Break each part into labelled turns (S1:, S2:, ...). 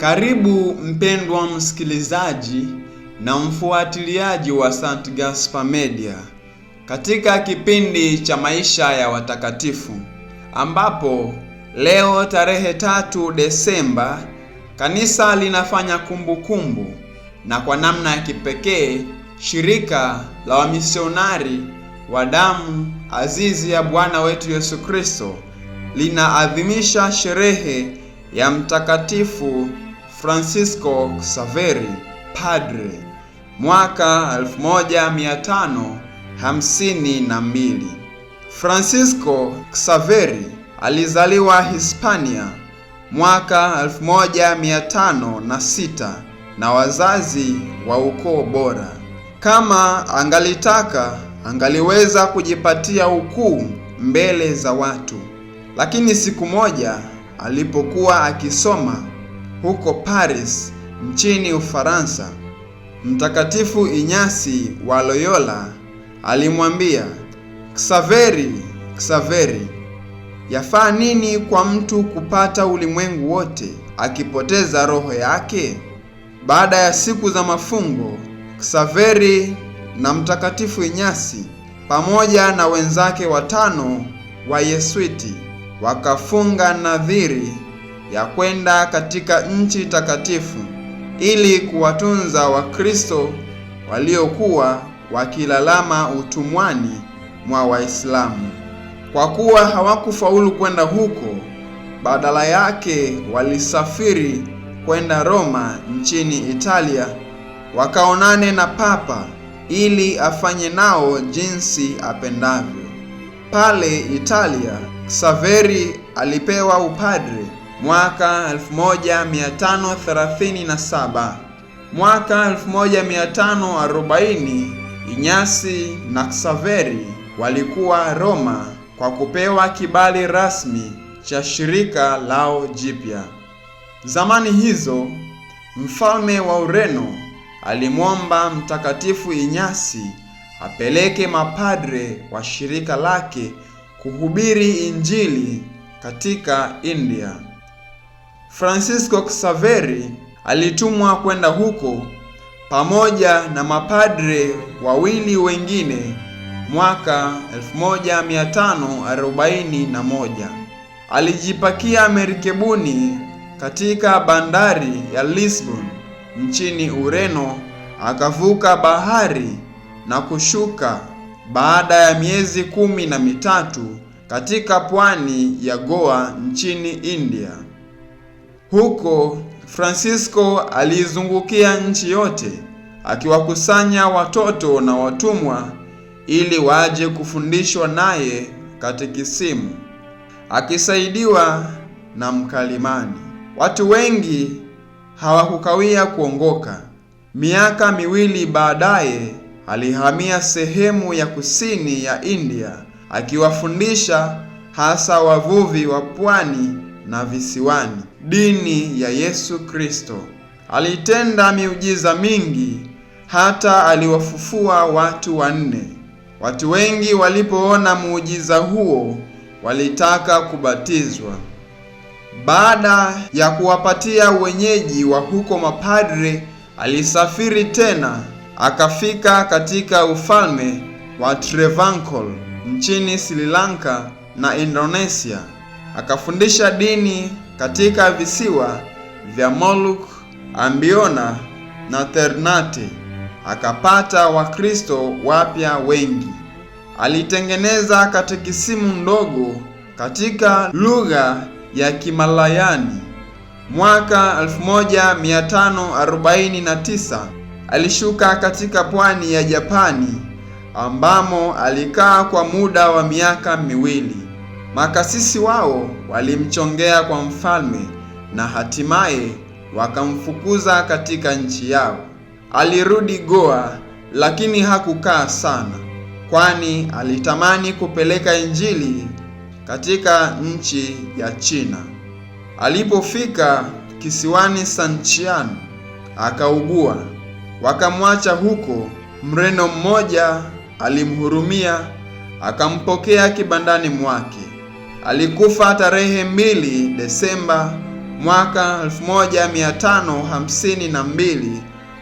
S1: Karibu mpendwa msikilizaji na mfuatiliaji wa St. Gaspar Media katika kipindi cha maisha ya watakatifu ambapo leo tarehe tatu Desemba kanisa linafanya kumbukumbu kumbu, na kwa namna ya kipekee shirika la wamisionari wa damu azizi ya Bwana wetu Yesu Kristo linaadhimisha sherehe ya mtakatifu Francisco xaveri padre, mwaka 1552. Francisco xaveri alizaliwa Hispania mwaka 1506 na wazazi wa ukoo bora. Kama angalitaka angaliweza kujipatia ukuu mbele za watu, lakini siku moja alipokuwa akisoma huko Paris nchini Ufaransa, Mtakatifu Inyasi wa Loyola alimwambia Ksaveri, Ksaveri, yafaa nini kwa mtu kupata ulimwengu wote akipoteza roho yake? Baada ya siku za mafungo, Ksaveri na Mtakatifu Inyasi pamoja na wenzake watano wa Yesuiti wakafunga nadhiri ya kwenda katika nchi takatifu ili kuwatunza Wakristo waliokuwa wakilalama utumwani mwa Waislamu. Kwa kuwa hawakufaulu kwenda huko, badala yake walisafiri kwenda Roma nchini Italia wakaonane na Papa ili afanye nao jinsi apendavyo. Pale Italia, Saveri alipewa upadre mwaka 1537, mwaka 1540 Inyasi na Xaveri walikuwa Roma kwa kupewa kibali rasmi cha shirika lao jipya. Zamani hizo mfalme wa Ureno alimwomba Mtakatifu Inyasi apeleke mapadre wa shirika lake kuhubiri Injili katika India. Francisco Xaveri alitumwa kwenda huko pamoja na mapadre wawili wengine mwaka 1541. Alijipakia merikebuni katika bandari ya Lisbon nchini Ureno, akavuka bahari na kushuka baada ya miezi kumi na mitatu katika pwani ya Goa nchini India. Huko Francisco aliizungukia nchi yote akiwakusanya watoto na watumwa ili waje kufundishwa naye katekisimu, akisaidiwa na mkalimani. Watu wengi hawakukawia kuongoka. Miaka miwili baadaye alihamia sehemu ya kusini ya India akiwafundisha hasa wavuvi wa pwani na visiwani. Dini ya Yesu Kristo alitenda miujiza mingi, hata aliwafufua watu wanne. Watu wengi walipoona muujiza huo walitaka kubatizwa. Baada ya kuwapatia wenyeji wa huko mapadre, alisafiri tena akafika katika ufalme wa Travancore nchini Sri Lanka na Indonesia. Akafundisha dini katika visiwa vya Moluk, Ambiona na Ternate, akapata Wakristo wapya wengi. Alitengeneza katekisimu ndogo katika lugha ya Kimalayani. Mwaka 1549 alishuka katika pwani ya Japani ambamo alikaa kwa muda wa miaka miwili. Makasisi wao walimchongea kwa mfalme na hatimaye wakamfukuza katika nchi yao. Alirudi Goa lakini hakukaa sana, kwani alitamani kupeleka Injili katika nchi ya China. Alipofika kisiwani Sanchian akaugua, wakamwacha huko. Mreno mmoja alimhurumia, akampokea kibandani mwake. Alikufa tarehe 2 Desemba mwaka 1552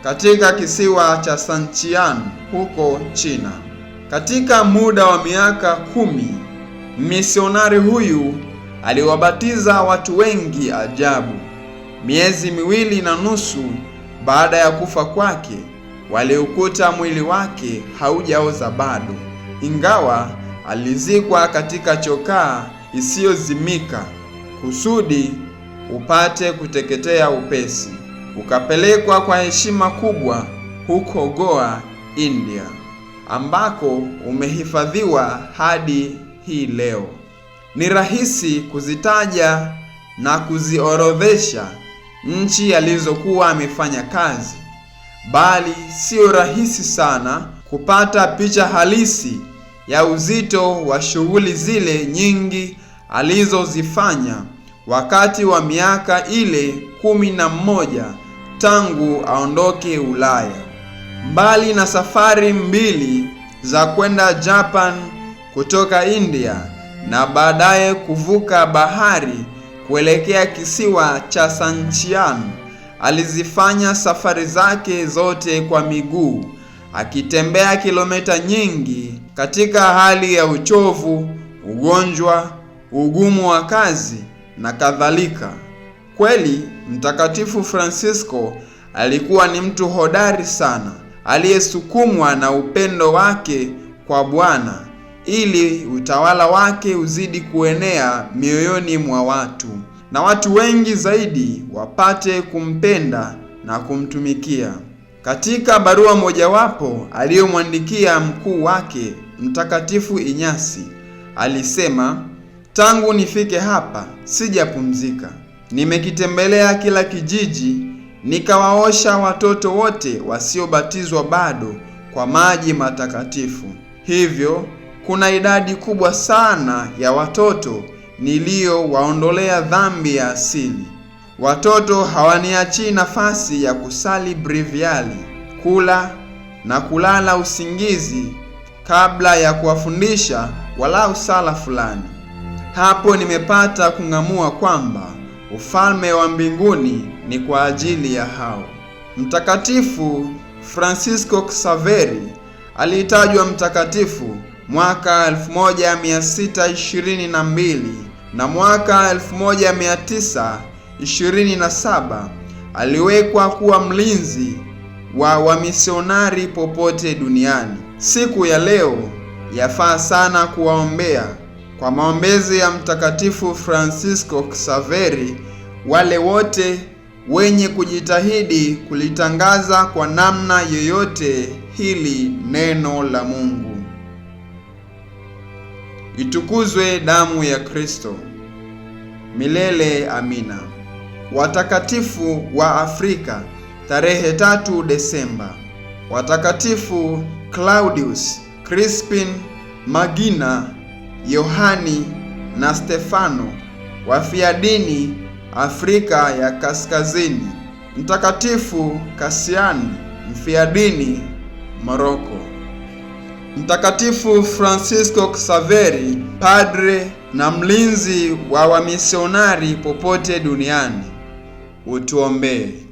S1: katika kisiwa cha Sanchian huko China. Katika muda wa miaka kumi, misionari huyu aliwabatiza watu wengi ajabu. Miezi miwili na nusu baada ya kufa kwake, waliukuta mwili wake haujaoza bado, ingawa alizikwa katika chokaa isiyozimika, kusudi upate kuteketea upesi, ukapelekwa kwa heshima kubwa huko Goa, India, ambako umehifadhiwa hadi hii leo. Ni rahisi kuzitaja na kuziorodhesha nchi alizokuwa amefanya kazi, bali sio rahisi sana kupata picha halisi ya uzito wa shughuli zile nyingi alizozifanya wakati wa miaka ile kumi na mmoja tangu aondoke Ulaya. Mbali na safari mbili za kwenda Japan kutoka India na baadaye kuvuka bahari kuelekea kisiwa cha Sanchian, alizifanya safari zake zote kwa miguu akitembea kilomita nyingi katika hali ya uchovu, ugonjwa, ugumu wa kazi na kadhalika. Kweli Mtakatifu Fransisko alikuwa ni mtu hodari sana aliyesukumwa na upendo wake kwa Bwana ili utawala wake uzidi kuenea mioyoni mwa watu na watu wengi zaidi wapate kumpenda na kumtumikia. Katika barua mojawapo aliyomwandikia mkuu wake Mtakatifu Inyasi alisema, tangu nifike hapa sijapumzika. Nimekitembelea kila kijiji, nikawaosha watoto wote wasiobatizwa bado kwa maji matakatifu. Hivyo kuna idadi kubwa sana ya watoto niliyowaondolea dhambi ya asili. Watoto hawaniachii nafasi ya kusali breviali, kula na kulala usingizi kabla ya kuwafundisha walau sala fulani. Hapo nimepata kung'amua kwamba ufalme wa mbinguni ni kwa ajili ya hao. Mtakatifu Francisco Xaveri alitajwa mtakatifu mwaka 1622 na mwaka 1927 aliwekwa kuwa mlinzi wa wamisionari popote duniani. Siku ya leo yafaa sana kuwaombea kwa maombezi ya Mtakatifu Francisco xaveri wale wote wenye kujitahidi kulitangaza kwa namna yoyote hili neno la Mungu. Itukuzwe damu ya Kristo! Milele amina. Watakatifu wa Afrika, tarehe tatu Desemba. Watakatifu Claudius, Crispin, Magina, Yohani na Stefano, wafiadini Afrika ya Kaskazini. Mtakatifu Kasiani, mfiadini Moroko. Mtakatifu Francisco Xaveri, padre na mlinzi wa wamisionari popote duniani. Utuombee.